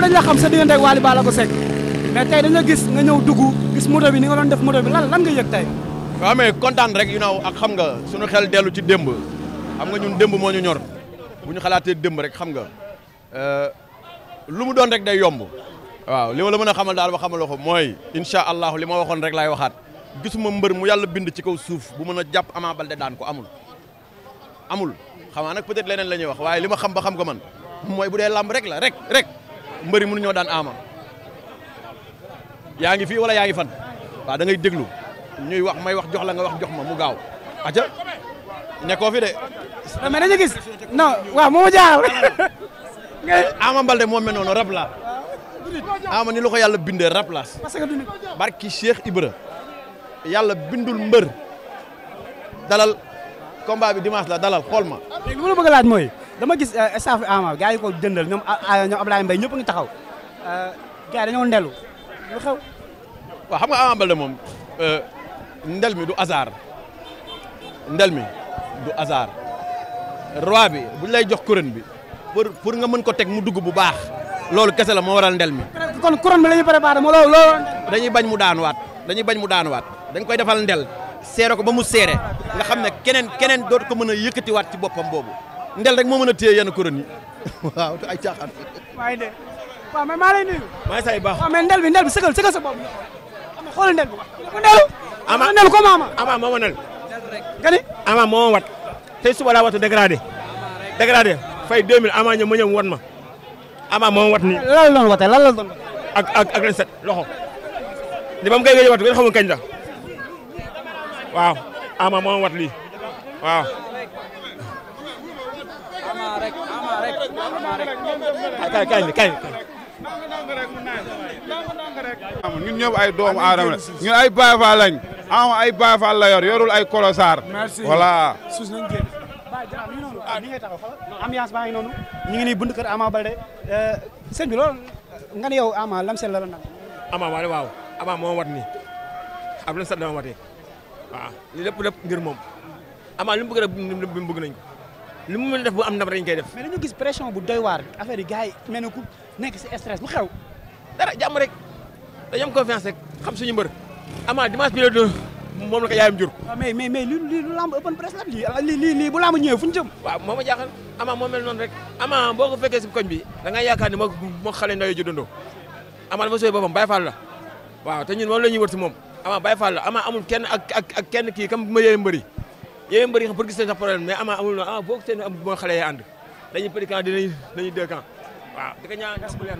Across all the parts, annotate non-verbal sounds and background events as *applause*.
ñëpp dañ la xam sa diggante ak Wally Ballago Seck tey dañ la gis nga ñëw dugg gis moto bi ni nga doon def moto bi lan lan nga yëg tey waaw mais kontaan rek yu naaw ak xam nga sunu xel dellu ci démb xam nga ñun dëmb moo ñu ñor bu ñu xalaatee démb rek xam nga euh, lu mu doon rek day yomb waaw li ma la mën a xamal daal ba xamaloo ko mooy incha allahu li ma waxoon rek laay waxaat gisuma mbër mu yàlla bind ci kaw suuf bu mën a jàpp amaa Baldé daan ko amul amul xamaa nag peut leneen la ñuy wax waaye li ma xam a xam ko man mooy bu dee rek la mbëri mënu ñoo daan ama yaa ngi fi wala yaa ngi fan waaw da ngay déglu ñuy wax may wax jox la nga wax jox ma mu gaaw aca nekkoo fi de. Ah, mais dañu gis non waaw moo jaaxal *laughs* Ama Baldé moo mel noonu rab la ama ni lu ko yàlla bindee rab la parce que du barki Cheikh Ibra yàlla bindul mbër dalal combat bi dimanche la dalal xool ma lu ma la bëgg a dama gis euh, staff Ama ah, gars yi ko jëndal ñoom ah, ah, ñoom Ablaye Mbaye ñëpp ngi taxaw euh, gars yi dañoo ndelu lu xew. waaw xam nga Ama Baldé moom euh, ndel mi du hasard ndel mi du hasard roi bi buñ lay jox couronne bi pour nga mën ko teg mu dugg bu baax loolu kese la moo waral ndel mi. kon couronne bi la ñuy préparé moo loolu dañuy bañ mu daanuwaat dañuy bañ mu daanuwaat dañ koy defal ndel seere ko ba mu seere nga xam ne keneen keneen dootu ko mën a yëkkatiwaat ci boppam boobu. ndel rek moo mën a téye yenn kuréel yi *laughs* waaw ay caaxaan. waaye de waaw man maa lay nuyu. maa ngi say baax waaw mais ndel bi ndel bi sëgal sëgal sa bopp ama xoolal ndel bi wax ko ndelu. ama ndel ko ma ama. ama moo ma nel. gani ama moo ma wat tey suba laa watu dégradé dégradé fay 2000 ama ñoom ma ñëw wat ma ama moo ma wat nii. lan la doon watee lan la doon watee. ak ak ak leen set loxo ni ba mu koy gëj a wat nga xamul kañ la waaw ama moo ma wat lii waaw. kay kay kay ñun ñëpp ay doomu aadama ñun ay Baay Faal lañ ay Baay Faal la yor yorul ay kolosaar voilà ah ni ngay taxaw ambiance baa ngi noonu ñu ngi nii bunt kër Ama Baldé eh, sëñ bi loolu nga ne yow Ama lam seen la la Ama waaw waaw Ama moo wat nii ab lam seen dama lépp lépp ngir moom Ama li mu li mu mën def bu am ndam dañ koy def. mais dañu gis pression bu doy waar affaire yi gars yi ne ku nekk si stress bu xew. dara jàmm rek dañu am confiance rek xam suñu mbër ama dimanche bi la doon moom la ko yaayam jur. waaw ah, mais mais mais lii lu lamb open press la ah, lii lii lii bu lamb ñëwee fu ñu jëm. waaw moo ma jaaxal ama moo mel noonu rek ama boo ko fekkee si koñ bi da nga yaakaar ne moo moo xale ndaw yi juddandoo ama dafa sooy boppam Baye Fall la waaw te ñun moom la ñuy wër si moom ama Baye la ama amul kenn ak ak ak kenn kii ma yee mbëri yooyu mbëri nga pour gis sax problème mais ama amul ah boo ko seen am mooy xale yi ànd dañuy pédicamp dinañ dañuy deux camp waaw di ko ñaan gas bu leer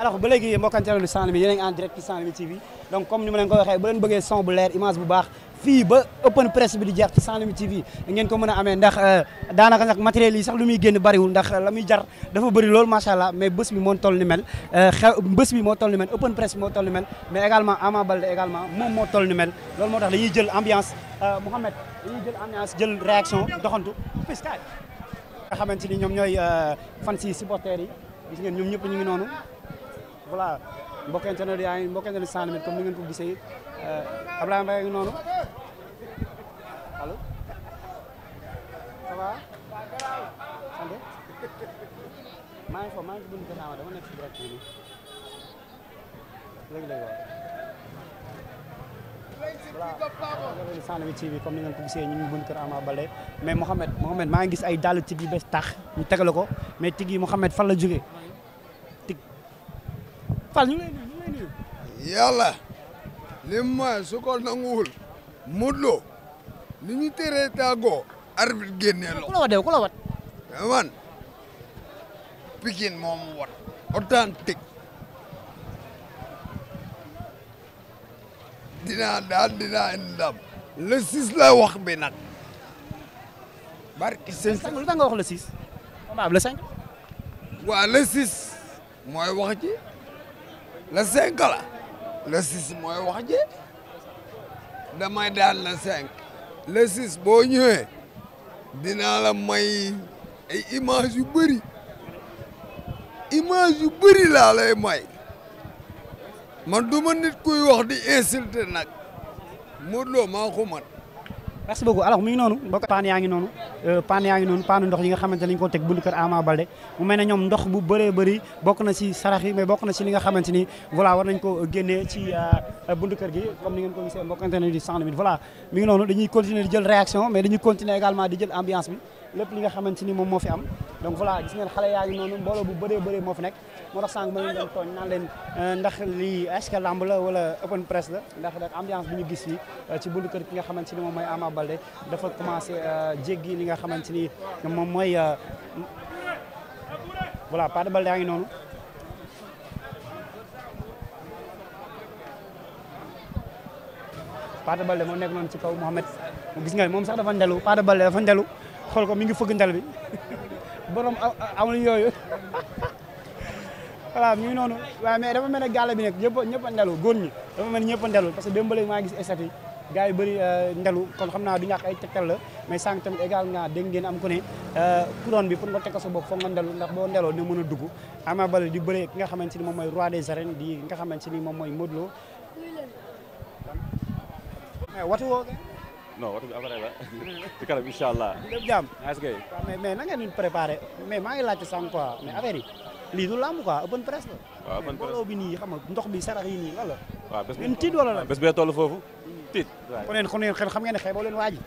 alors ba léegi mbokkanteelu lu Sans Limites yéen a ngi en direct ci Sans Limites TV donc comme ni ma leen ko waxee bu leen bëggee bu leer image bu baax fii ba open press bi di jeex ci Sans Limites TV ngeen ko mën a amee ndax euh, daanaka nag matériel yi sax lu muy génn bariwul ndax euh, la muy jar dafa bari loolu macha allah mais bés bi moo toll ni mel euh, xew bés bi moo toll ni mel open press bi moo toll ni mel mais également Ama Baldé également moom moo toll ni mel loolu moo tax dañuy jël ambiance Mouhamed dañuy jël ambiance jël réaction doxantu nga xamante ni ñoom ñooy fan si supporters yi gis ngeen ñoom ñëpp ñu ngi noonu voilà mbokk internet yaa ngi mbokk internet comme ni ngeen ko gisee euh, Ablaye Mbaye ngi noonu allo ça va sant maa ngi ni ko gisee ñu ngi bun kër Ama Baldé mais Mouhamed Mouhamed maa ngi gis ay dàll tig yu bees tax ñu tegale ko mais tig yi Mouhamed fan la jógee Fall ñu ngi lay nuyu. yàlla li mu may su ni ñu teree tàggoo. arbitre génnee loxo ku la eh, moom wat. authentique dinaa daal dinaa indi ndam. le six la wax bi nag. barki sëñ bi lu tax nga le cinq la le six mooy wax ji damay daan le cinq le six boo ñëwee dinaa la may ay image yu bëri image yu bëri laa lay may man du ma nit kuy wax di insulter nag Modou Lo maa ko merci beaucoup alors mi ngi noonu mbokk paan yaa ngi noonu euh, paan yaa ngi noonu paanu ndox yi nga xamante lañ ko teg buntu kër Ama mu mel ñoom ndox bu bëree bëri bokk na ci sarax yi bokk na ci li nga xamante ni voilà war nañ ko génnee ci euh, buntu kër gi comme ni ngeen ko gisee mbokk internet di 100 minutes voilà mi ngi noonu dañuy continuer di jël réaction mais dañuy continuer également di jël ambiance bi lépp li nga xamante ni moom moo fi am donc voilà gis ngeen xale yaa ngi noonu mbooloo bu baree bëree moo fi nekk moo tax sànq ma leen doon euh, leen ndax lii est-ce wala open press la ndax ñu gis fii euh, ci buntu kër ki nga xamante ni moom mooy Ama Baldé dafa commencé euh, jéggi li nga xamante ni moom mooy voilà Pathé Baldé yaa ngi noonu Pathé Balde moo nekk noonu ci kaw Mouhamed gis nga moom sax dafa ndelu Pathé Balde dafa ndelu xool ko mi ngi fëgg ndel bi *laughs* borom amul yooyu *laughs* voilà mi ngi noonu waaye mais dafa mel ne gàll bi nag ñëpp ñëpp a ndelu góor ñi dafa mel ne ñëpp a ndelu parce que démb léegi maa ngi gis statut gars yi bëri euh, ndelu kon xam naa du ñàkk ay tegtal la mais sànq tamit également dégg ngeen am ku ne euh, couronne bi pour nga teg ko sa bopp foog nga ndelu ndax boo ndeloo dina mën a dugg Ama Baldé di bëree ki nga xamante ni moom mooy roi des arènes di nga xamante ni moom mooy Modou Lo watu woo non waxtu bi après la ci kanam incha allah. lépp jàmm est-ce que. mais préparé mais maa ngi laajte sànq quoi mais affaire yi lii du làmb quoi open press la. nii xam nga ndox bi sarax yi nii lan la. waaw bés ngeen tiit wala la bés bee toll foofu tiit. waaw kon kon xel xam ngeen ne xeeboo leen waa ji.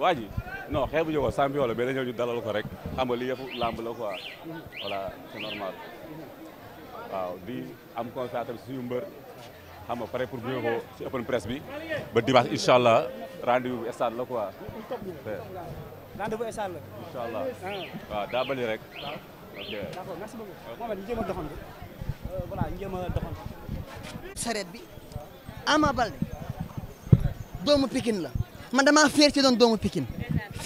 waa ji non xeebu ñu ko champion la mais dañoo ko rek xam nga lii yëpp làmb la quoi. voilà c'est normal waaw ah, di am constaté suñu mbër. xam nga pare pour gunge ko ci open press bi ba dimanche incha rendez-vous bu stade la quoi. rendez-vous stade la. Ah. daa bëri rek. ok euh, bi Ama Baldé doomu Pikine la man damaa fier ci doon doomu Pikine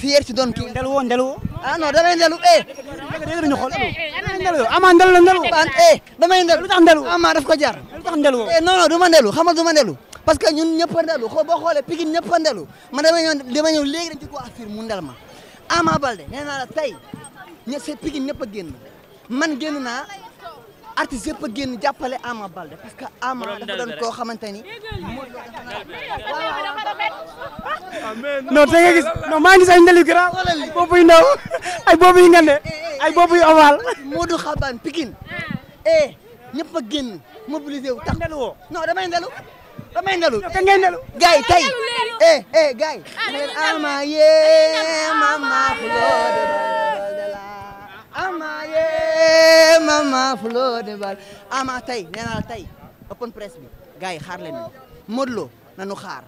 fier ci doon kii. ndel woo ndel woo. ah non damay ndelu eh. ama ndelu la ndelu eh damay ndelu lu ko jar eh, lu tax ndelu eh non non ma ndelu xamal du ma ndelu parce que ñun ñëpp a ndelu xoo boo xoolee Pikine ñëpp a ndelu man damay ñëw damay ñëw léegi mu ndel ma Ama Baldé nee naa tey ñe c'est Pikine a génn man génn naa artiste yëpp a génn jàppale Ama Baldé parce que Ama dafa doon koo xamante ni non te gis non maa gis ay ndelu gra boobu yu ndaw ay boobu ngande eh, ay bopp yu oval. Modou Xaban Pikine. Ah. eh ñëpp a génn mobilisé wu tax. non damay ndelu. damay ndelu te ngay ndelu. gars yi tey eh eh gars ah, de bal. ama ye mama fleur de bal. ama tey nee la tey open press bi gars yi xaar leen ñu Modou Lo nanu xaar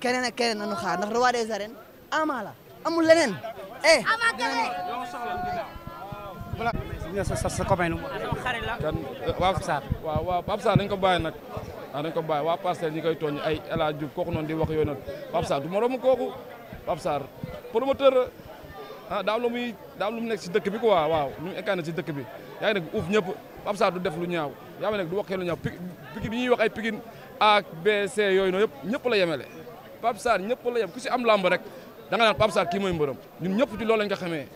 keneen ak keneen nanu xaar ndax roi des arènes la amul leneen. eh. sa sa sa copain lu mu xarit la kan waaw waaw waaw Pape Sarr dañ ko bàyyi nag waaw ah, dañ ko bàyyi waa Parcelles ñi koy tooñ ay El Hadj Diouf kooku noonu di wax yooyu nag Pape Sarr du moromu kooku Pape Sarr promoteur ah daaw lu muy daaw lu mu nekk si dëkk bi quoi waaw lu mu écarné si dëkk bi yaa ngi nag uuf ñëpp Pape Sarr du def lu ñaaw yaa ngi nag du waxee lu ñaaw Pikine bi ñuy wax ay Pikine A B C yooyu noonu yëpp ñëpp la yemele Pape Sarr ñëpp la yem ku si am làmb rek da nga naan Pape Sarr kii mooy mbërëm ñun ñëpp ci loolu lañ ko xamee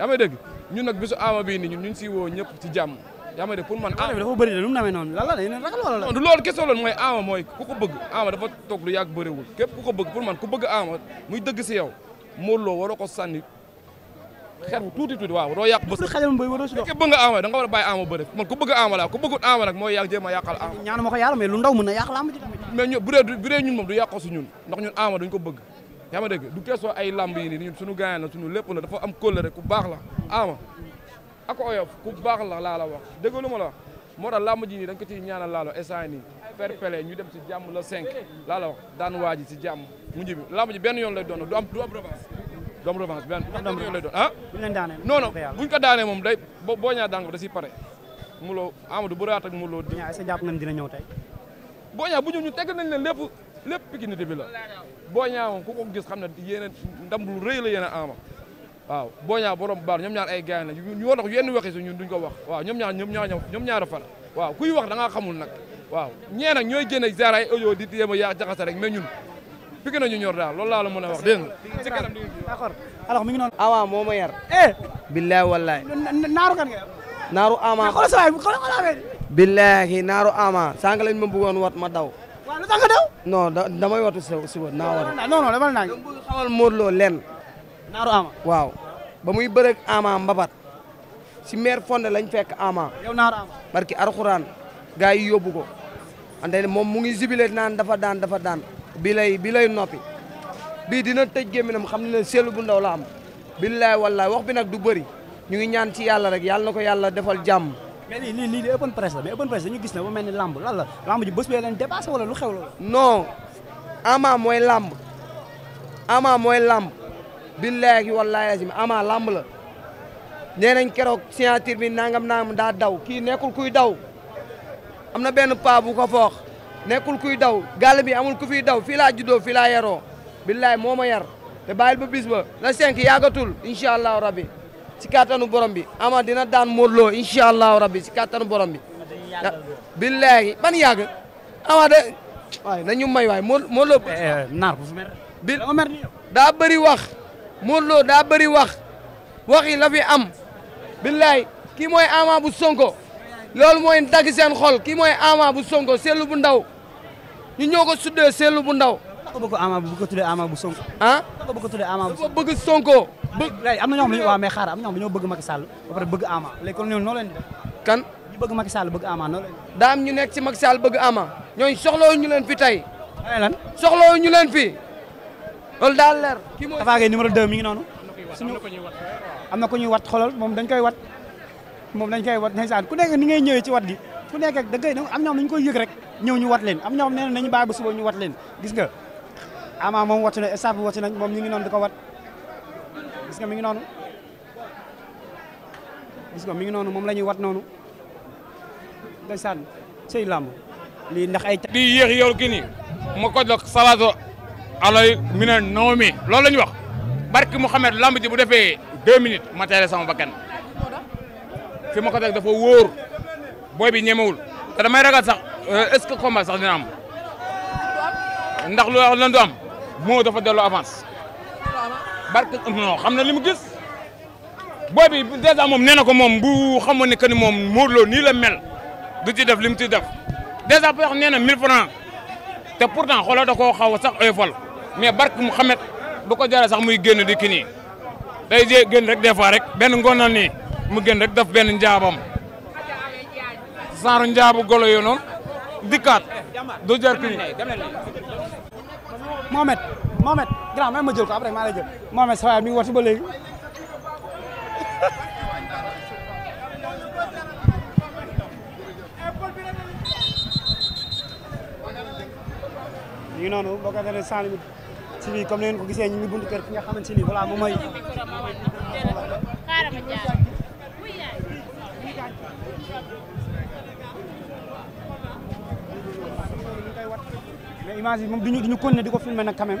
yaa may dégg ñun nag bisu ama bii nii ñun ñu ngi siy woo ñëpp ci jàmm yaa may dégg pour man ama dafa bëri de lu mu namee noonu lan la dañu ragal wala la du loolu kese loolu mooy ama mooy ku ko bëgg ama dafa toog lu yàgg bëriwul képp ku ko bëgg pour man ku bëgg ama muy dëgg si yow Modou Lo ko sànni xeer bu tuuti tuuti waaw doo yàq bës fekkee bëgg nga ama da nga war a ama bëri man bëgg ama la ku bëggul ama nag mooy yàq jéem a yàqal ama ñaanu ma ko yàlla mais lu na yàq ñu bu dee bu ko bëgg yaa ma dégg du keesoo ay lamb yi nii ñu suñu gaañ la suñu lépp la dafa am kóllëre rek baax la ama ako oyof ku baax la laa la wax dégg lu ma la wax moo tax lamb ji nii dañ ko ciy ñaanal laalo essan nii ñu dem ci jàmm la cinq laa la wax daan waa ji ci jàmm mu njibi lamb ji benn yoon lay doon du am du am revanche du am revanche benn yoon lay doon ah ko daanee moom day boo ñaa daan ko da si pare muloo Amadou bu raat ak muloo di jàpp nañ dina ñëw tey boo ñaa bu ñëw ñu tegg nañ leen lépp lépp pikinité bi lo boo ñaawoon ku ko gis xam ne yéen ndam lu rëy la yéen a ama waaw boo ñaaw borom baar ñoom ñaar ay gaañ la ñu war a wax yenn waxi su ñun duñ ko wax waaw ñoom ñaar ñoom ñaar ñoom ñaar a far waaw kuy wax da ngaa xamul nag waaw ñee nag ñooy génne genre ay audio di téema yaa jaxase rek mais ñun piki nañu ñor daal loolu laa la mën a wax dégg nga ci mi ngi noonu ama moo ma yar eh billahi wallahi naaru kan nga naaru ama billahi naaru ama sànq lañ ma bëggoon wat ma daw waaw lu tax nga daw. non si si naa war a. non non demal naa ñu. bëgg xamal waaw ba muy bërëg Ama Mbabat si maire Fonde lañ fekk Ama. yow naaru Ama. barki Alxuraan gars yi yóbbu ko. ante moom mu ngi jubile naan dafa daan dafa daan. bilay lay bi lay noppi. bii dina tëj gémminam xam ne seelu bu ndaw la am. billaay wallaay wax bi nag du bëri ñu ngi ñaan ci yàlla rek yàlla na ko yàlla defal jàmm. mais lii lii lii di open press la mais open press dañu gis ne bu mel ni làmb lan la làmb ji bés bee leen dépassé la. non ama mooy làmb ama mooy làmb billaahi wallaahi azim ama làmb la nee nañ keroog signature bi nangam nangam daa daw kii nekkul kuy daw am na benn paa bu ko foox nekkul kuy daw gàll bi amul ku fiy daw fii laa juddoo fii laa yaroo billaahi moo ma yar te bàyyil ba bis ba la cinq yàggatul incha allahu rabbi si kattanu borom bi ama dina daan Modou Lo incha allahu rabbi si kattanu borom bi. billahi ban ama de waaye nañu may waay Modou Lo. Eh, eh, naar daa bëri wax Modou daa bëri wax wax yi la fi am billahi kii mooy ama bu sonko loolu mooy dagg seen xol kii mooy ama bu sonko seetlu bu ndaw ñu ñoo ko suddee seetlu bu ndaw. ko bëgg ama ko tuddee ama bu sonko. ah ko bëgg ama sonko. bëgg léegi am na ñoo xam ne xaar am na ñoo xam ne Sall ba pare bëgg Ama léegi kon noo leen def kan ñu bëgg Macky Sall bëgg Ama noo leen daa am ñu nekk ci Macky Sall bëgg Ama ñooñu soxloo ñu leen fi tey lan soxloo ñu leen fi loolu daal leer kii mooy Tapha Gueye numéro 2 mi ngi noonu suñu am na ko ñuy wat xoolal moom dañ koy wat moom dañ koy wat ku nekk ni ngay ñëwee ci wat gi ku nekk da ngay am ñoom dañu koy yëg rek ñëw ñu wat leen am ñoom nee nañu bàyyi ba suba ñu wat leen gis nga Ama moom watu na staff bi watu nañ moom ñu ngi noonu di ko wat gis nga mi ngi noonu gis nga mi ngi noonu moom la ñuy wat noonu ndeysaan sëy làmb lii ndax ay di yéex yow kii nii ko jox salaatu alay mi ne noo mi loolu la ñu wax barki Mouhamed lamb bu defee deux minutes ma teere sama bakkan fi ma ko de dafa wóor booy bi ñemewul te damay ragal sax euh, est-ce que combat sax dina am ndax lu lan du am moo dafa delloo avance barke non xam na li mu gis booy bi dèjà moom nee na ko moom bu xamoon ne que ni moom Modou Lo nii la mel du ci def li mu ci def dèjà boo xam nee na 1000 francs te pourtant xooloo da koo xaw sax oyofal mais barke mu xamet du ko jara sax muy génn di kii nii day jé génn rek des fois rek benn ngoonal nii mu génn rek daf benn njaabam saaru njaabu golo yoo noonu dikkaat du jar kii Mohamed Mohamed grand même ma jël ko après maa lay Mohamed sa waay mi ngi woote noonu boo ko defee ko gisee ñu ngi nga xamante ni voilà mais image yi moom duñu duñu continuer di ko filmer nag quand